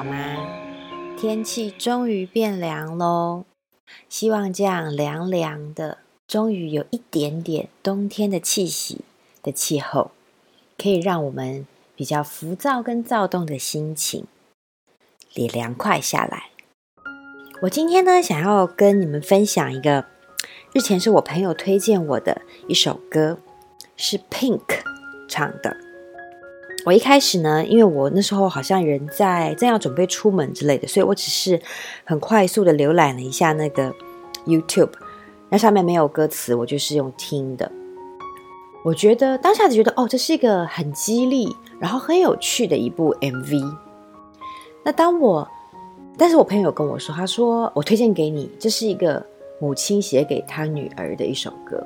好嗎？天氣終於變涼咯，希望這樣涼涼的，終於有一點點冬天的氣息的氣候，可以讓我們比較浮躁跟躁動的心情也涼快下來。我今天呢，想要跟你們分享一個日前是我朋友推薦我的一首歌，是 Pink 唱的。我一開始呢，因為我那時候好像人在正要準備出門之類的，所以我只是很快速地瀏覽了一下那個 YouTube，那上面沒有歌詞，我就是用聽的。我覺得當下子覺得哦，這是一個很激勵，然後很有趣的一部 MV。那當我，但是我朋友跟我說，他說我推薦給你，這是一個母親寫給他女兒的一首歌。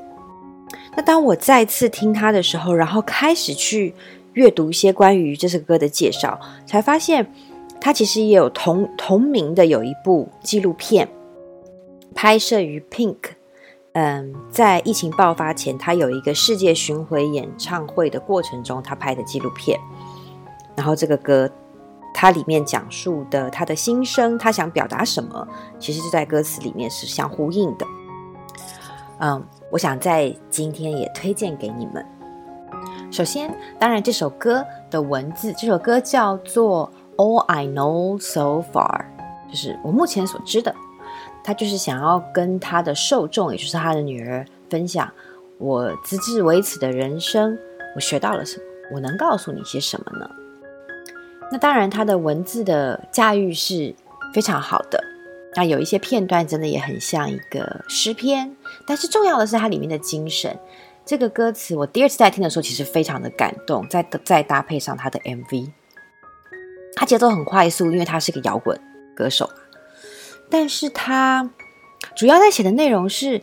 那當我再次聽他的時候，然後開始去。閱讀一些關於這首歌的介紹，才發現它其實也有同同名的有一部紀錄片，拍攝於 Pink，嗯，在疫情爆發前，他有一個世界巡回演唱會的過程中，他拍的紀錄片。然後這個歌，它裡面講述的他的心聲，他想表達什麼，其實就在歌詞裡面是相呼應的。嗯，我想在今天也推薦給你們。首先，當然這首歌的文字，這首歌叫做《All I Know So Far》，就是我目前所知的。他就是想要跟他的受眾，也就是他的女兒分享我直至為此的人生，我學到了什麼，我能告訴你些什麼呢？那當然，他的文字的駕馭是非常好的。那有一些片段真的也很像一個詩篇，但是重要的是它裡面的精神。這個歌詞我第二次在聽的時候，其實非常的感動。再再搭配上他的 MV，他節奏很快速，因為他是個搖滾歌手嘛。但是他主要在寫的內容是，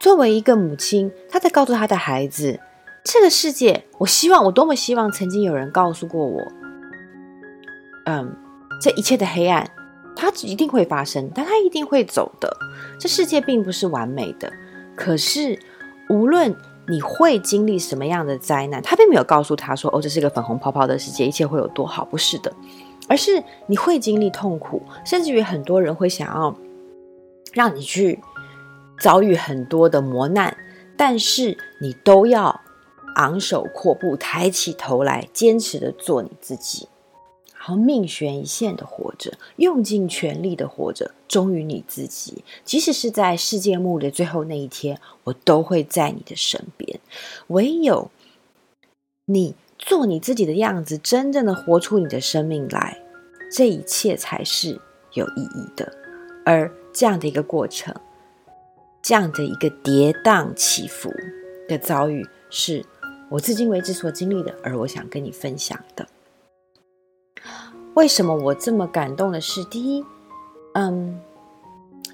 作為一個母親，他在告訴他的孩子：這個世界，我希望，我多麼希望曾經有人告訴過我，嗯，這一切的黑暗，它一定會發生，但它一定會走的。這世界並不是完美的，可是無論。你會經歷什麼樣的災難，他並沒有告訴他說，哦，這是個粉紅泡泡的世界，一切會有多好？不是的，而是你會經歷痛苦，甚至於很多人會想要讓你去遭遇很多的磨難，但是你都要昂首闊步，抬起頭來，堅持的做你自己。好，命懸一線的活着，用盡全力的活着，忠於你自己。即使是在世界末日的最後那一天，我都會在你的身邊。唯有你做你自己的樣子，真正的活出你的生命來，這一切才是有意義的。而這樣的一個過程，這樣的一個跌宕起伏的遭遇，是我至今為止所經歷的，而我想跟你分享的。為什麼我這麼感動的是，第一，嗯，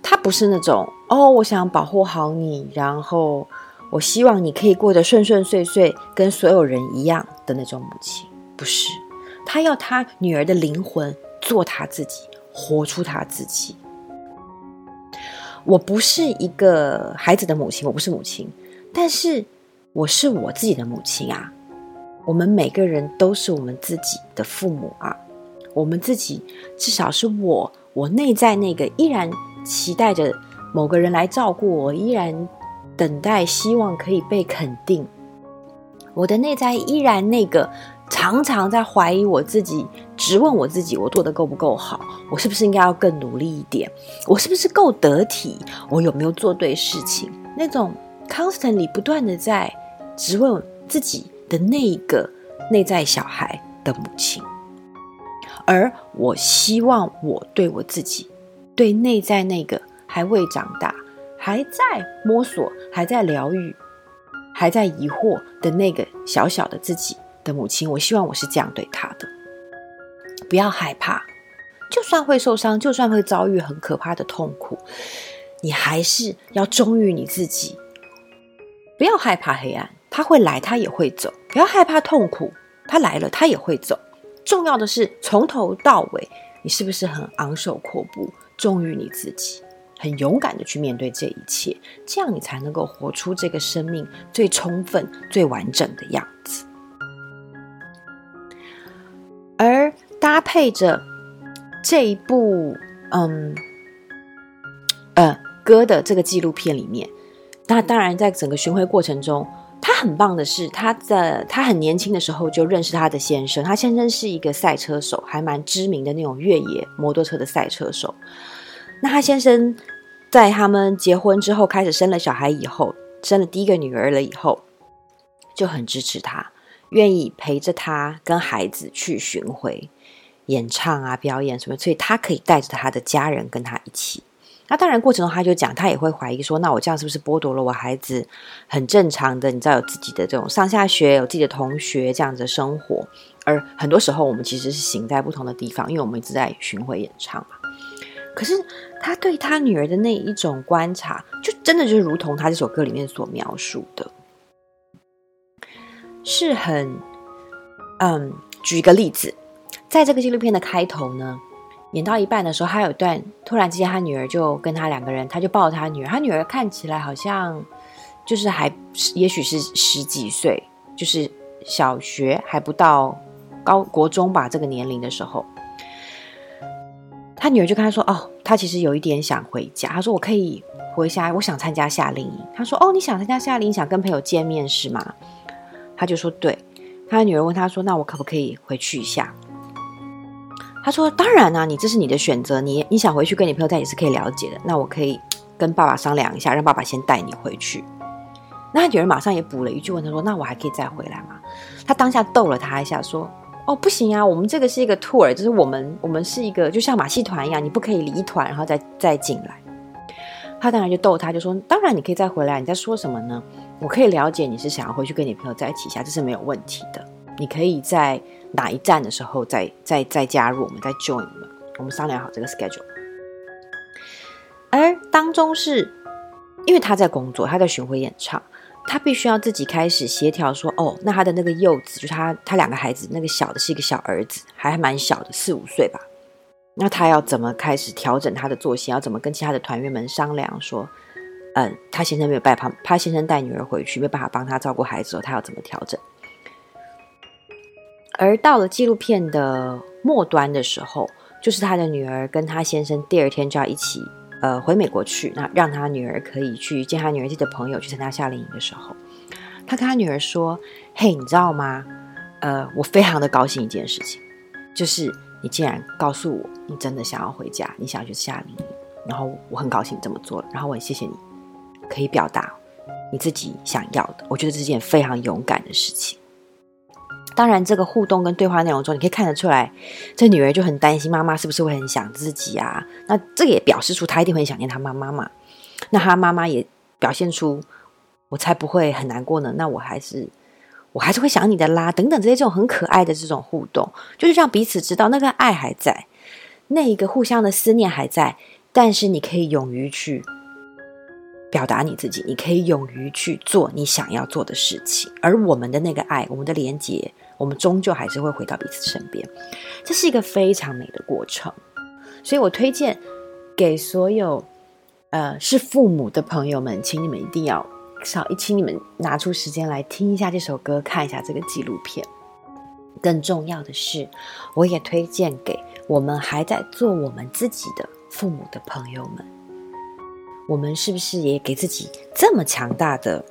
她不是那種哦，我想保護好你，然後我希望你可以過得順順遂遂，跟所有人一樣的那種母親，不是？她要她女兒的靈魂做她自己，活出她自己。我不是一個孩子的母親，我不是母親，但是我是我自己的母親啊。我們每個人都是我們自己的父母啊。我們自己至少是我，我內在那個依然期待着某個人來照顧我，依然等待希望可以被肯定。我的內在依然那個常常在懷疑我自己，質問我自己：我做得夠不夠好？我是不是應該要更努力一點？我是不是夠得體？我有沒有做對事情？那種 constantly 不斷的在質問自己的那一個內在小孩的母親。而我希望我對我自己，對內在那個還未長大、還在摸索、還在療癒、還在疑惑的那個小小的自己的母親，我希望我是這樣對她的。不要害怕，就算會受傷，就算會遭遇很可怕的痛苦，你還是要忠於你自己。不要害怕黑暗，他會來，他也會走；不要害怕痛苦，他來了，他也會走。重要的是，從頭到尾，你是不是很昂首闊步，忠於你自己，很勇敢的去面對這一切，這樣你才能夠活出這個生命最充分、最完整的樣子。而搭配着這一部嗯呃歌的這個紀錄片裡面，那當然在整個巡迴過程中。她很棒的是，她在她很年輕的時候就認識她的先生，她先生是一個賽車手，還蠻知名的那種越野摩托車的賽車手。那她先生在他們結婚之後，開始生了小孩以後，生了第一個女兒了以後，就很支持她，願意陪着她跟孩子去巡迴演唱啊、表演什麼，所以她可以帶着她的家人跟她一起。那當然，過程中他就講，他也會懷疑說，那我這樣是不是剝奪了我孩子很正常的，你知道，有自己的這種上下學，有自己的同學這樣子的生活。而很多時候，我們其實是行在不同的地方，因為我們一直在巡回演唱嘛。可是他對他女兒的那一種觀察，就真的就是如同他這首歌裡面所描述的，是很……嗯，舉一個例子，在這個紀錄片的開頭呢。演到一半的時候，他有一段突然之間，他女兒就跟他兩個人，他就抱他女兒。他女兒看起來好像就是還，也許是十幾歲，就是小學還不到高國中吧，這個年齡的時候，他女兒就跟他說：“哦，他其實有一點想回家。”他說：“我可以回家，我想參加夏令營。”他說：“哦，你想參加夏令營，想跟朋友見面是嗎？”他就說：“對。”他女兒問他說：“那我可不可以回去一下？”他說：“當然啊，你這是你的選擇，你你想回去跟你朋友在一起也是可以了解的。那我可以跟爸爸商量一下，讓爸爸先帶你回去。”那他女兒馬上也補了一句問他說：“那我還可以再回來嗎？”他當下逗了他一下說：“哦，不行啊，我們這個是一個 tour，就是我們我們是一個就像馬戲團一樣，你不可以離團然後再再進來。”他當然就逗他，就說：“當然你可以再回來，你在說什麼呢？我可以了解你是想要回去跟你朋友在一起一下，這是沒有問題的，你可以在。”哪一站的時候再再再加入，我們再 join，我，我們商量好這個 schedule。而當中是，因為他在工作，他在巡迴演唱，他必須要自己開始協調說，哦，那他的那個幼子，就他他兩個孩子，那個小的是一個小兒子，還，還蠻小的，四五歲吧。那他要怎麼開始調整他的作息？要怎麼跟其他的團員們商量說，嗯，他先生沒有辦法，他先生帶女兒回去，沒辦法幫他照顧孩子，哦，他要怎麼調整？而到了紀錄片的末端的時候，就是他的女兒跟他先生第二天就要一起，呃，回美國去。那讓他女兒可以去見他女兒自己的朋友，去參加夏令營的時候，他跟他女兒說：“嘿、hey，你知道嗎？呃，我非常的高興一件事情，就是你竟然告訴我，你真的想要回家，你想要去夏令營。然後我很高興你這麼做，然後我很謝謝你，可以表達你自己想要的。我覺得這是件非常勇敢的事情。”當然，這個互動跟對話內容中，你可以看得出來，這女兒就很擔心媽媽是不是會很想自己啊？那這也表示出她一定會很想念她媽媽嘛？那她媽媽也表現出，我才不會很難過呢。那我還是，我還是會想你的啦。等等這些這種很可愛的這種互動，就是讓彼此知道那個愛還在，那一個互相的思念還在。但是你可以勇於去表達你自己，你可以勇於去做你想要做的事情。而我們的那個愛，我們的連結。我們終究還是會回到彼此身邊，這是一個非常美的過程。所以我推薦給所有呃是父母的朋友們，請你們一定要少一，請你們拿出時間來聽一下這首歌，看一下這個紀錄片。更重要的是，我也推薦給我們還在做我們自己的父母的朋友們，我們是不是也給自己這麼強大的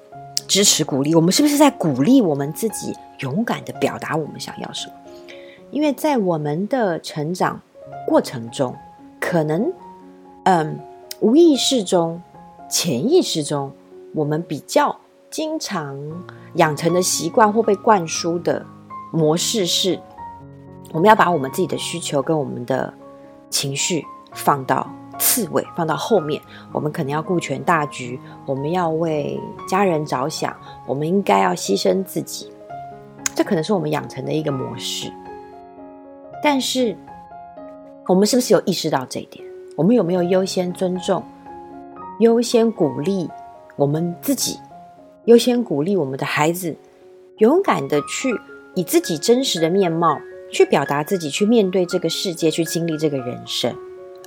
支持鼓勵？我們是不是在鼓勵我們自己？勇敢地表達我們想要什麼，因為在我們的成長過程中，可能嗯、呃、無意識中、潛意識中，我們比較經常養成的習慣或被灌輸的模式是，我們要把我們自己的需求跟我們的情緒放到次位，放到後面。我們可能要顧全大局，我們要為家人着想，我們應該要犧牲自己。這可能是我們養成的一個模式，但是我們是不是有意識到這一點？我們有沒有優先尊重、優先鼓勵我們自己，優先鼓勵我們的孩子，勇敢地去以自己真實的面貌去表達自己，去面對這個世界，去經歷這個人生？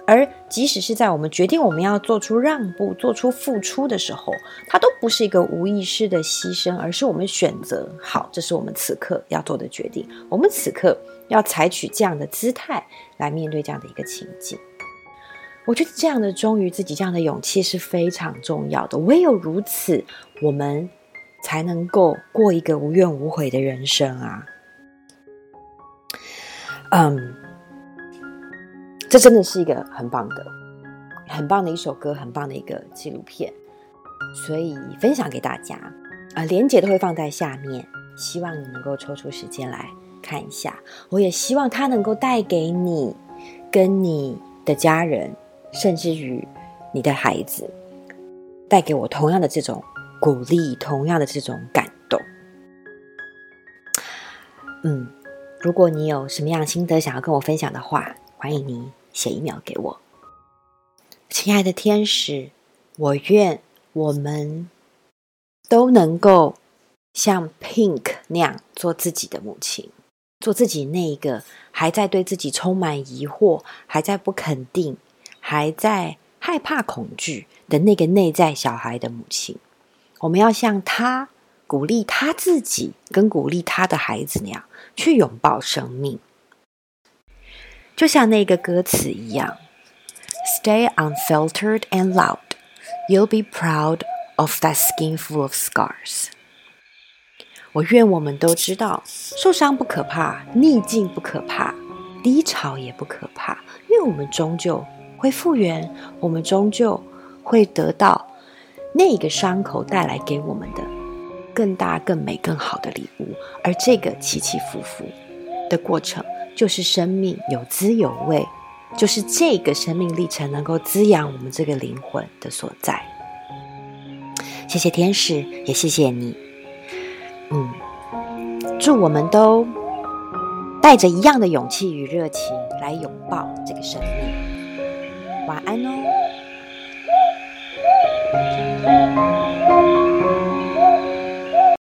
而即使是在我們決定我們要做出讓步、做出付出的時候，它都不是一個無意識的犧牲，而是我們選擇。好，這是我們此刻要做的決定。我們此刻要採取這樣的姿態來面對這樣的一個情景。我覺得這樣的忠於自己、這樣的勇氣是非常重要的。唯有如此，我們才能夠過一個無怨無悔的人生啊。嗯，um。這真的是一個很棒的、很棒的一首歌，很棒的一個紀錄片，所以分享給大家啊！呃、連結都會放在下面，希望你能夠抽出時間來看一下。我也希望它能夠帶給你、跟你的家人，甚至於你的孩子，帶給我同樣的這種鼓勵，同樣的這種感動。嗯，如果你有什麼樣心得想要跟我分享的話，歡迎你。寫一秒給我，親愛的天使，我願我們都能夠像 Pink 那樣做自己的母親，做自己那一個還在對自己充滿疑惑、還在不肯定、還在害怕恐懼的那個內在小孩的母親。我們要像她鼓勵她自己，跟鼓勵她的孩子那樣，去擁抱生命。就像那個歌詞一樣，Stay unfiltered and loud，You'll be proud of that skin full of scars。我願我們都知道，受傷不可怕，逆境不可怕，低潮也不可怕，因為我們終究會復原，我們終究會得到那個傷口帶來給我們的更大、更美、更好的禮物，而這個起起伏伏的過程。就是生命有滋有味，就是這個生命歷程能夠滋養我們這個靈魂的所在。謝謝天使，也謝謝你。嗯，祝我們都帶着一樣的勇氣與熱情來擁抱這個生命。晚安哦。